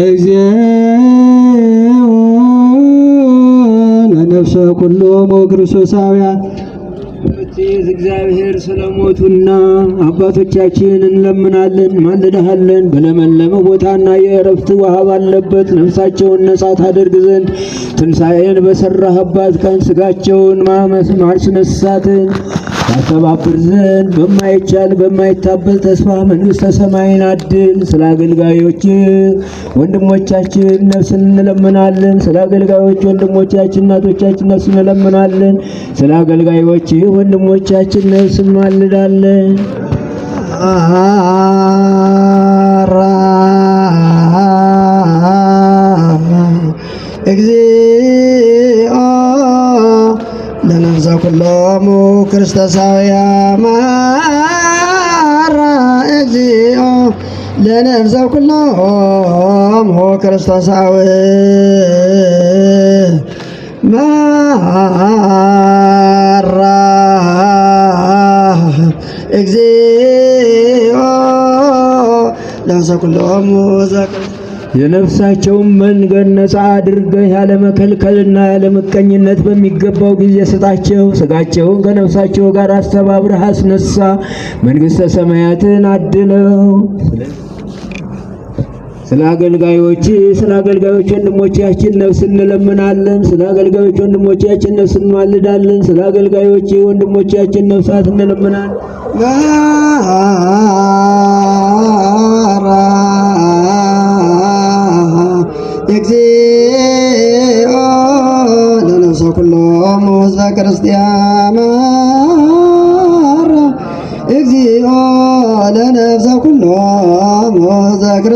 እግዚኦ ኩሎ ኩሎሙ ክርስቶሳውያን በዚህ እግዚአብሔር ስለሞቱና አባቶቻችን እንለምናለን፣ ማልደሃለን። በለመለመ ቦታና የእረፍት ውሃ ባለበት ነፍሳቸውን ነጻ ታደርግ ዘንድ ትንሣኤን በሰራህባት ቀን ስጋቸውን ማርስ ማስነሳትን ያስተባብር ዘንድ በማይቻል በማይታበል ተስፋ መንግሥተ ሰማይን አድል። ስለ አገልጋዮች ወንድሞቻችን ነፍስ እንለምናለን። ስለ አገልጋዮች ወንድሞቻችን እናቶቻችን ነፍስ እንለምናለን። ስለ አገልጋዮች ወንድሞቻችን ነፍስ እንማልዳለን። እግዚኦ ለነብዛ ኩሎሙ ክርስቶሳውያን መሃራ እግዚኦ ለነብዛ ኩሎሙ ክርስቶሳዊ መሃራ እግዚኦ ለነብዛ ኩሎሙ ዘ የነፍሳቸውን መንገድ ነፃ አድርገህ ያለ ያለመቀኝነት በሚገባው ጊዜ ስጣቸው። ስጋቸውን ከነፍሳቸው ጋር አስተባብረህ አስነሳ፣ መንግሥተ ሰማያትን አድለው። ስለ አገልጋዮች ስለ አገልጋዮች ወንድሞቻችን ነፍስ እንለምናለን። ስለ አገልጋዮች ወንድሞቻችን ነፍስ እንማልዳለን። ስለ አገልጋዮች ወንድሞቻችን ነፍሳት እንለምናለን።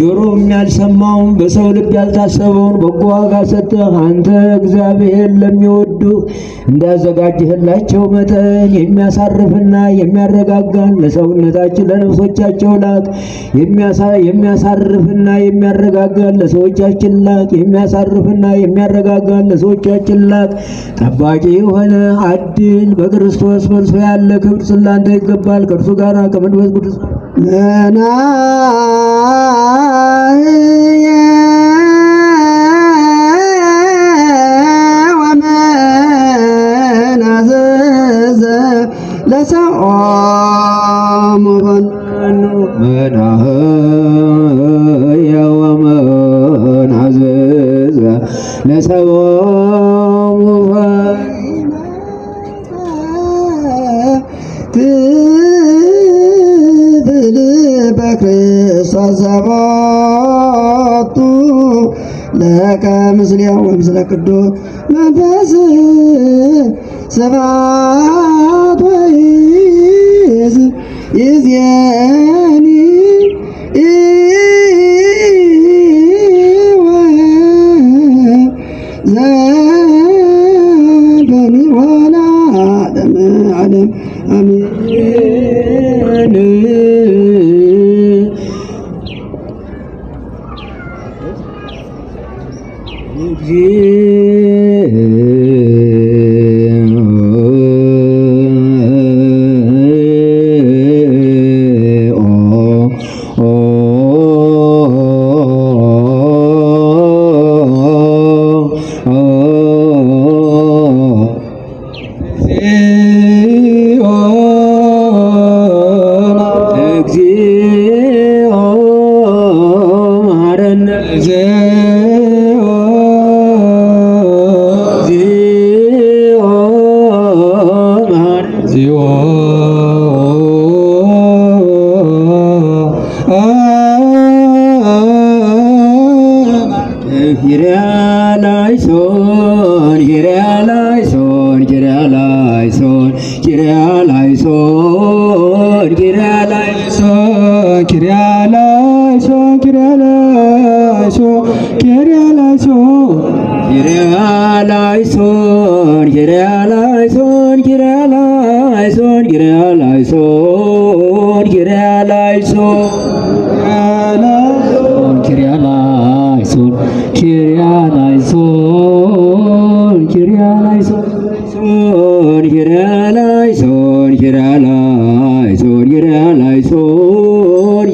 ጆሮም ያልሰማውን በሰው ልብ ያልታሰበውን በጎ ዋጋ ሰጥተህ አንተ እግዚአብሔር ለሚወዱ እንዳዘጋጀህላቸው መጠን የሚያሳርፍና የሚያረጋጋን ለሰውነታችን ለነፍሶቻቸው ላቅ የሚያሳርፍና የሚያረጋጋን ለሰዎቻችን ላቅ የሚያሳርፍና የሚያረጋጋን ለሰዎቻችን ላቅ ጠባቂ የሆነ አድል በክርስቶስ መልሶ ያለ ክብር ስላንተ ይገባል። ከእርሱ ጋር ከመንፈስ ቅዱስ መናየ ወመናዘዘ ለሰኦሙ ወመናዘዘ ቅዱስ መንፈስ ስብሐት ወይእዜኒ ወዘ ኪርያላይሶን ኪርያላይሶን ኪርያላይሶን ኪርያላይሶን ኪርያላይሶን ኪርያላይሶን ኪርያላይሶን ኪርያላይሶን ኪርያላይሶን ሶን ይራላይ ሶን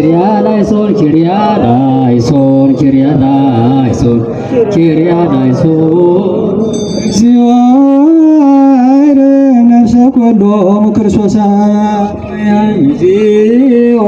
ኪሪያ ላይሶን ኪሪያ ላይሶን ኪሪያ ላይሶን ኪሪያ ላይሶን ሲዋይር ነፍሰ ኮሎም ክርስቶሳ ዚኦ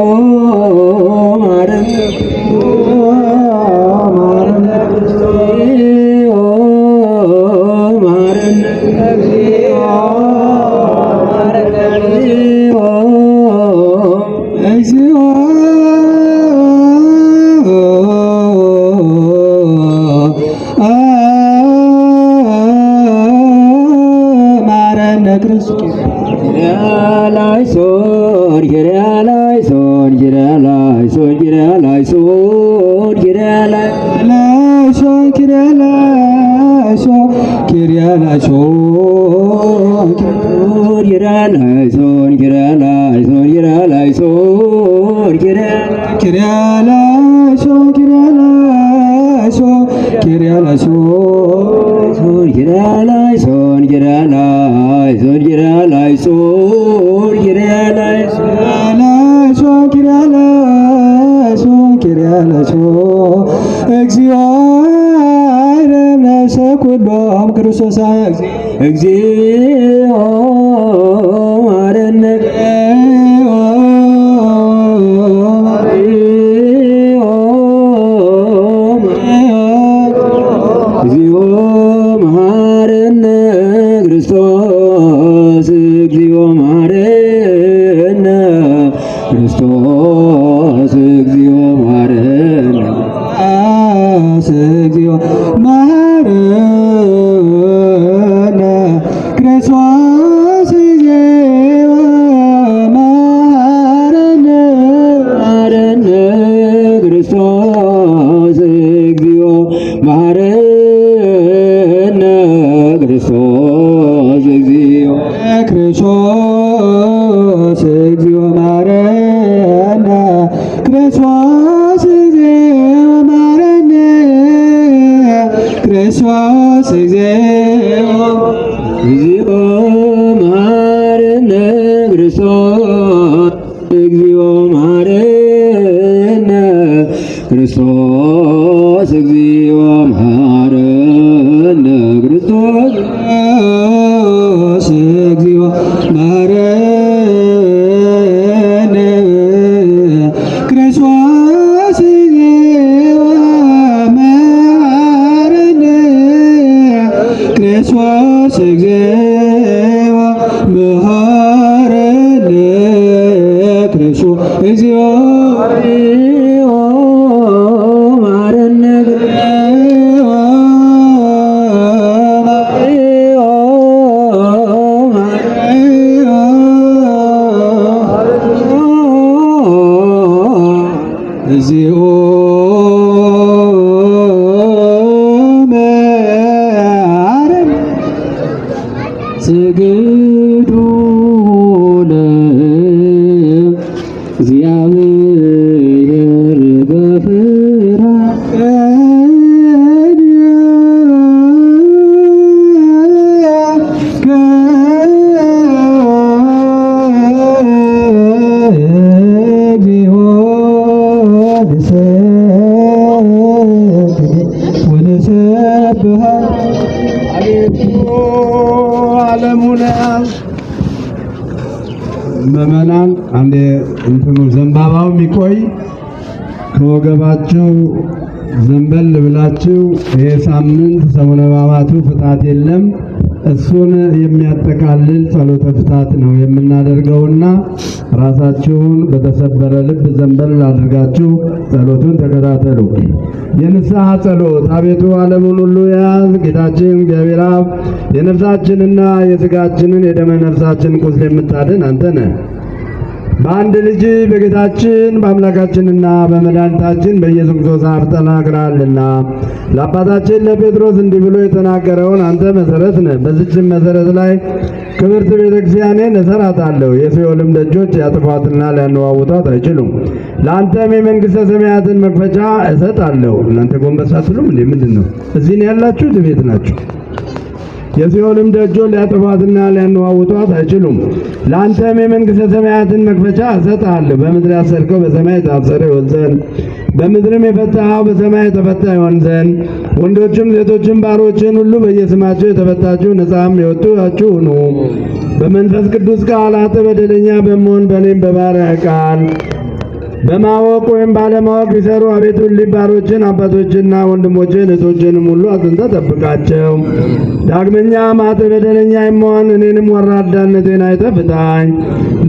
¿no? ሰኩሎም ክርስቶስ እግዚኦ እግዚኦ መመናን አንዴ እንትኑ ዘንባባው የሚቆይ ከወገባችሁ ዘንበል ብላችሁ ይሄ ሳምንት ሰሙነ ሕማማቱ ፍታት የለም። እሱን የሚያጠቃልል ጸሎተ ፍታት ነው የምናደርገውና ራሳችሁን በተሰበረ ልብ ዘንበል አድርጋችሁ ጸሎቱን ተከታተሉ። የንስሐ ጸሎት። አቤቱ ዓለሙን ሁሉ የያዝ ጌታችን እግዚአብሔር አብ የነፍሳችንና የሥጋችንን የደመ ነፍሳችን ቁስል የምታድን አንተ ነህ። በአንድ ልጅ በጌታችን በአምላካችንና በመድኃኒታችን በኢየሱስ ክርስቶስ አፍ ተናግራልና ለአባታችን ለጴጥሮስ እንዲህ ብሎ የተናገረውን አንተ መሠረት ነህ። በዚችም መሠረት ላይ ክብርት ቤተ ክርስቲያኔን እሠራታለሁ፣ የሲኦልም ደጆች ያጥፏትና ሊያነዋውቷት አይችሉም። ለአንተም የመንግሥተ ሰማያትን መክፈቻ እሰጣለሁ። እናንተ ጎንበስ አትሉም እንዴ? ምንድን ነው? እዚህ ነው ያላችሁት? ቤት ናችሁ የሲኦልም ደጆች ሊያጠፏትና ሊያነዋውጧት አይችሉም። ለአንተም የመንግሥተ ሰማያትን መክፈቻ እሰጥሃለሁ። በምድር ያሰርከው በሰማይ የታሰረ ይሆን ዘንድ፣ በምድርም የፈታኸው በሰማይ የተፈታ ይሆን ዘንድ፣ ወንዶችም ሴቶችም ባሮችን ሁሉ በየስማቸው የተፈታችሁ ነፃም የወጡችሁ ሁኑ። በመንፈስ ቅዱስ ቃል አንተ በደለኛ በመሆን በእኔም በባሪያ ቃል በማወቅ ወይም ባለማወቅ ቢሰሩ አቤቱ ሊባሮችን አባቶችና ወንድሞችን እህቶችንም ሁሉ አጽንተ ጠብቃቸው። ዳግመኛ ማተ በደለኛ የመሆን እኔንም ወራዳነቴን አይተፍታኝ።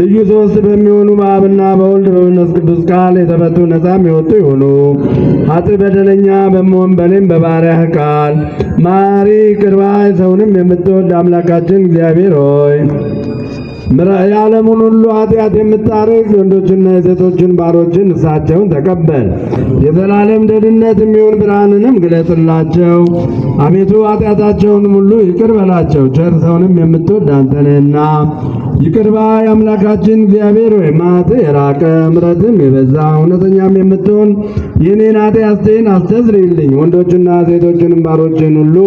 ልዩ ሶስት በሚሆኑ በአብና በወልድ በመንፈስ ቅዱስ ቃል የተፈቱ ነፃ የወጡ ይሆኑ። አጥ በደለኛ በመሆን በኔም በባሪያህ ቃል ማሪ ቅርባ ሰውንም የምትወድ አምላካችን እግዚአብሔር ሆይ የዓለሙን ሁሉ ኃጢአት የምታርቅ ወንዶችና የሴቶችን ባሮችን እሳቸውን ተቀበል። የዘላለም ደህንነት የሚሆን ብርሃንንም ግለጥላቸው። አቤቱ ኃጢአታቸውን ሁሉ ይቅር በላቸው፣ ቸር ሰውንም የምትወድ አንተ ነህና። ይቅር ባይ አምላካችን እግዚአብሔር ወይ መዓትህ የራቀ ምረትም የበዛ እውነተኛም የምትሆን የኔን ኃጢአቴን አስተስርይልኝ። ወንዶችና ሴቶችንም ባሮችን ሁሉ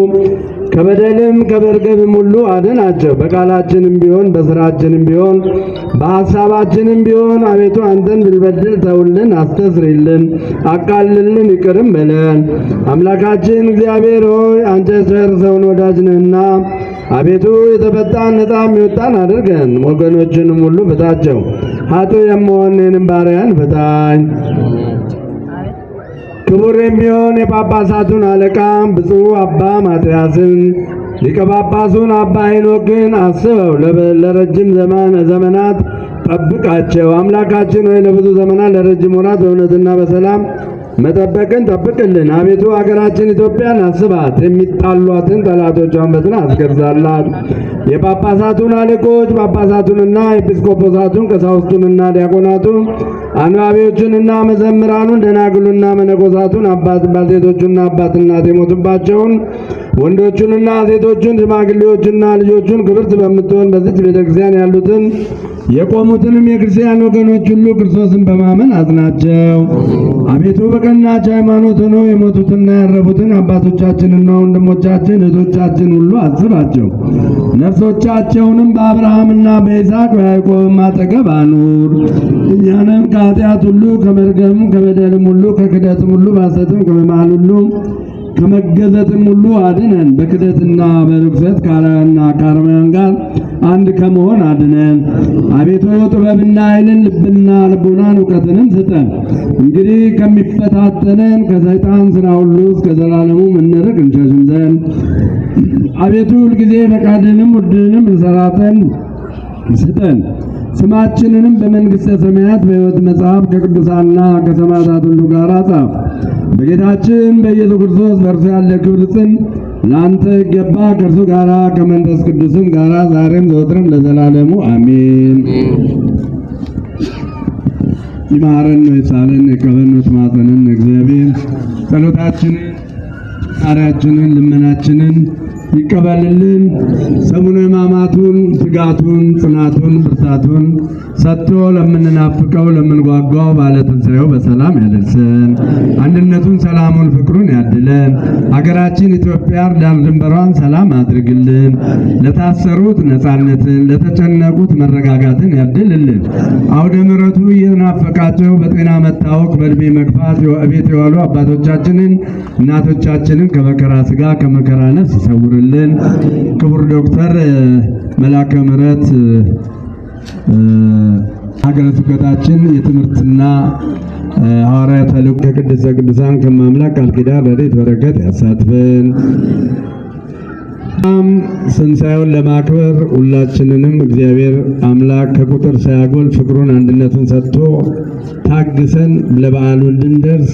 ከበደልም ከበርገብም ሁሉ አድናቸው። በቃላችንም ቢሆን በስራችንም ቢሆን በሐሳባችንም ቢሆን አቤቱ አንተን ብንበድል ተውልን፣ አስተስሪልን፣ አቃልልን፣ ይቅርም በለን። አምላካችን እግዚአብሔር ሆይ አንተ ቸር ሰውን ወዳጅ ነህና አቤቱ የተፈታን ነጣም የወጣን አድርገን፣ ወገኖችንም ሁሉ ፍታቸው። ሀጡ የመሆን እኔንም ባሪያን ፍታኝ። ክቡር የሚሆን የጳጳሳቱን አለቃ ብፁዕ አባ ማትያስን ሊቀ ጳጳሱን አባ ሄኖክን አስበው ለረጅም ዘመናት ጠብቃቸው። አምላካችን ሆይ ለብዙ ዘመናት ለረጅም ወራት በእውነትና በሰላም መጠበቅን ጠብቅልን። አቤቱ አገራችን ኢትዮጵያን አስባት። የሚጣሏትን ጠላቶቿን በትን አስገዛላት። የጳጳሳቱን አለቆች ጳጳሳቱንና ኤጲስቆጶሳቱን ቀሳውስቱንና ዲያቆናቱን አንባቢዎቹንና መዘምራኑን ደናግሉና መነኮሳቱን አባት ባልቴቶቹና አባትና የሞቱባቸውን ወንዶቹንና ሴቶቹን ሽማግሌዎቹንና ልጆቹን ክብርት በምትሆን በዚች ቤተክርስቲያን ያሉትን የቆሙትንም የክርስቲያን ወገኖች ሁሉ ክርስቶስን በማመን አጽናቸው። አቤቱ በቀናች ሃይማኖት ነው የሞቱትና ያረፉትን አባቶቻችንና ወንድሞቻችን እህቶቻችን ሁሉ አስባቸው። ነፍሶቻቸውንም በአብርሃምና በይስሐቅ በያዕቆብም አጠገብ አኑር። እኛንም ከኃጢአት ሁሉ ከመርገምም ከበደልም ሁሉ ከክደትም ሁሉ ባሰትም ከመማል ሁሉ ከመገዘትም ሁሉ አድነን። በክደትና በርኩሰት ካራና ካርማያን ጋር አንድ ከመሆን አድነን። አቤቱ ጥበብና ኃይልን ልብና ልቦናን እውቀትንም ስጠን። እንግዲህ ከሚፈታተነን ከሰይጣን ስራ ሁሉ እስከ ዘላለሙ እንርቅ እንሸሽም ዘንድ አቤቱ ሁልጊዜ ፈቃድንም ውድንም እንሰራተን ስጠን። ስማችንንም በመንግሥተ ሰማያት በሕይወት መጽሐፍ ከቅዱሳና ከሰማዕታት ሁሉ ጋር ጻፍ። በጌታችን በኢየሱስ ክርስቶስ በእርሱ ያለ ክብር ጽን ለአንተ ይገባ ከእርሱ ጋራ ከመንፈስ ቅዱስም ጋራ ዛሬም ዘወትርም ለዘላለሙ አሜን። ይማረን ይሳለን ይቀበለን ይማጸንን እግዚአብሔር ጸሎታችንን ቃሪያችንን ልመናችንን ይቀበልልን። ሰሙነ ሕማማቱን ትጋቱን፣ ጽናቱን፣ ብርታቱን ሰጥቶ ለምንናፍቀው ለምንጓጓው ባለ ትንሣኤው በሰላም ያደርሰን። አንድነቱን፣ ሰላሙን፣ ፍቅሩን ያድለን። ሀገራችን ኢትዮጵያ ዳር ድንበሯን ሰላም አድርግልን። ለታሰሩት ነፃነትን፣ ለተጨነቁት መረጋጋትን ያድልልን። አውደ ምረቱ የናፈቃቸው በጤና መታወቅ በእድሜ መግፋት ቤት የዋሉ አባቶቻችንን እናቶቻችንን ከመከራ ስጋ ከመከራ ነፍስ ይሰውርልን። ይሁንልን። ክቡር ዶክተር መላከ ምሕረት ሀገረ ስብከታችን የትምህርትና ሐዋርያ ተልእኮ ከቅድስተ ቅዱሳን ከማምላክ ቃል ኪዳን ረድኤት በረከት ያሳትፈን። ም ስንሳዩን ለማክበር ሁላችንንም እግዚአብሔር አምላክ ከቁጥር ሳያጎል ፍቅሩን አንድነቱን ሰጥቶ ታግሰን ለበዓሉ እንድንደርስ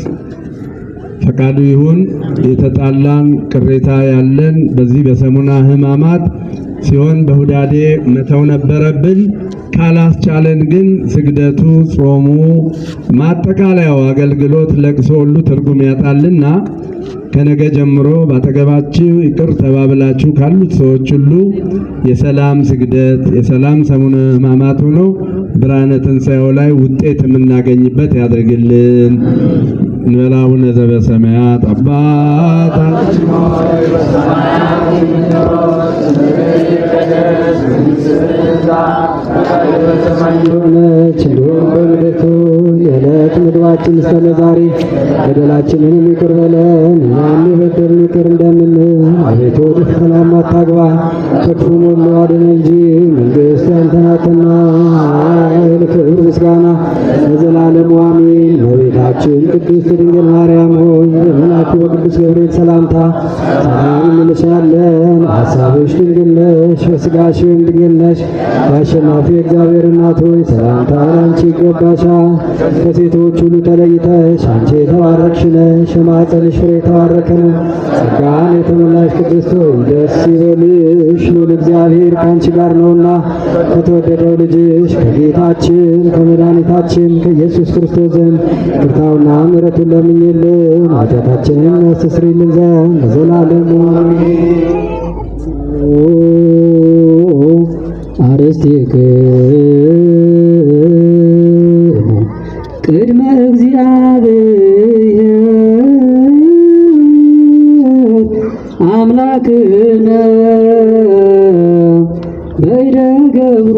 ፈቃዱ ይሁን። የተጣላን ቅሬታ ያለን በዚህ በሰሙነ ሕማማት ሲሆን በሁዳዴ መተው ነበረብን። ካላስቻለን ግን ስግደቱ፣ ጾሙ፣ ማጠቃለያው አገልግሎት፣ ለቅሶ ሁሉ ትርጉም ያጣልና ከነገ ጀምሮ ባጠገባችሁ ይቅር ተባብላችሁ ካሉት ሰዎች ሁሉ የሰላም ስግደት የሰላም ሰሙነ ሕማማት ሆኖ ብርሃነ ትንሣኤው ላይ ውጤት የምናገኝበት ያደርግልን። እንበል አቡነ ዘበሰማያት አባታችን ሆይ የዕለት ምግባችን ስጠን ዛሬ፣ በደላችንንም ይቅር በለን እኛም የበደሉንን ይቅር እንደምንል። አቤቱ ወደ ፈተናም አታግባን ከክፉም ሁሉ አድነን እንጂ መንግሥት ያንተ ናትና ኃይል፣ ክብር፣ ምስጋና ശരി ക്രിസ്തു അറിയാമോ መልአኩ ቅዱስ ገብርኤል ሰላምታ ሰላም እንልሻለን፣ ሀሳብሽ ድንግል ነሽ፣ በሥጋሽም ድንግል ነሽ። የአሸናፊ እግዚአብሔር እናት ሆይ ሰላምታ ለአንቺ ይገባሻል። ከሴቶች ሁሉ ተለይተሽ አንቺ የተባረክሽ ነሽ፣ የማኅፀንሽ ፍሬ የተባረከ ነው። ጸጋን የተመላሽ ቅድስት ሆይ ደስ ይበልሽ፣ ልዑል እግዚአብሔር ከአንቺ ጋር ነውና ከተወደደው ልጅሽ ከጌታችን ከመድኃኒታችን ከኢየሱስ ክርስቶስ ዘንድ ይቅርታውና ምሕረቱን ለምኝልን ኃጢአታችን ኃጢአታችንን ያስተስርይልን ዘንድ ለዘላለሙ አርእስቲከ ቅድመ እግዚአብሔር አምላክነ በይደ ገብሩ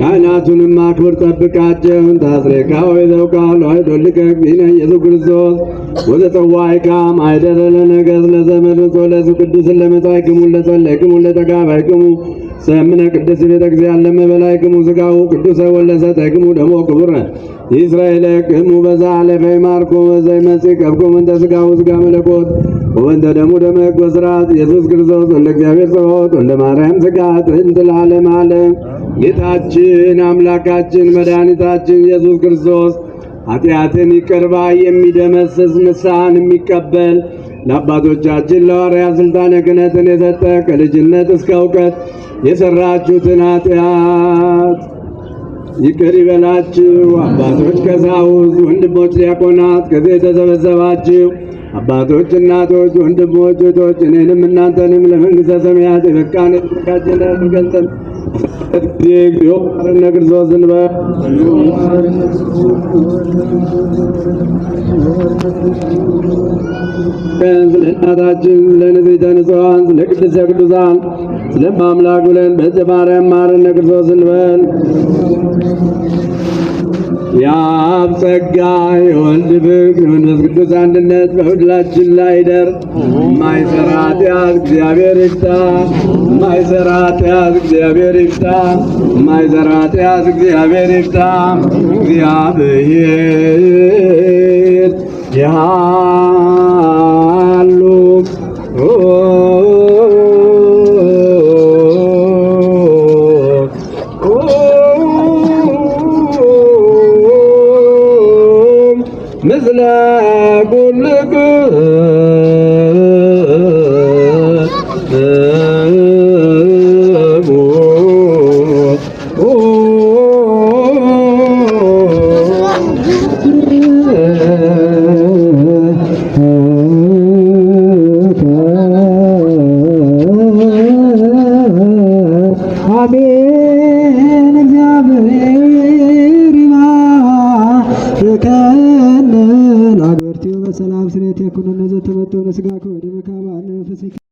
ካህናቱንም አክብር ጠብቃቸው። ታስሬካ ወይ ዘውቃል ወይ ዶልከ ቢነ ኢየሱስ ክርስቶስ ወዘፀዋይካ ማኅደረ ለነገሥት ለዘመርጾ ለእሱ ቅዱስ ለመጻእክሙ ለተጋባይ ለተጋባይክሙ ሰምነ ቅድስት ቤተ ክርስቲያን ለመበላይክሙ ሥጋሁ ቅዱሰ ወለሰተክሙ ደሞ ክቡረ ይእስራኤለክሙ በዛ ለፈይ ማርኮ መጽ ከብኩም እንተ ሥጋሁ ሥጋ መለኮት ወእንተ ደሙ ደመ ሕግ ወሥርዓት ኢየሱስ ክርስቶስ ወለ እግዚአብሔር ጽብሖት ወለ ማርያም ሥጋት እንት ለዓለመ ዓለም ጌታችን አምላካችን መድኃኒታችን ኢየሱስ ክርስቶስ ኃጢአትን ይቅርባ የሚደመስስ ንስሐን የሚቀበል ለአባቶቻችን ለሐዋርያት ሥልጣነ ክህነትን የሰጠ ከልጅነት እስከ እውቀት የሠራችሁትን ኃጢአት ይቅር ይበላችሁ። አባቶች ቀሳውስት፣ ወንድሞች ዲያቆናት፣ ከዚህ የተሰበሰባችሁ አባቶች፣ እናቶች፣ ወንድሞች፣ እህቶች እኔንም እናንተንም ለመንግሥተ ሰማያት የበቃን ገልጠን እግዚኦ ማረነ ግርዞ ዝንበ ስለ እናታችን ንጹሐን ስለ ቅዱሳን ስለማምላክ ብለን በእፀ ማርያም ማረነ ግርዞ ዝንበል የአብ ጸጋ የወልድ ፍቅር የመንፈስ ቅዱስ አንድነት በሁላችን ላይ ይደር። ማይሰራ ኃጢአት እግዚአብሔር ይፍታ። ማይሰራ ኃጢአት እግዚአብሔር ይፍታ። ማይሰራ ኃጢአት እግዚአብሔር ይፍታ። እግዚአብሔር ምስለ ጉልብ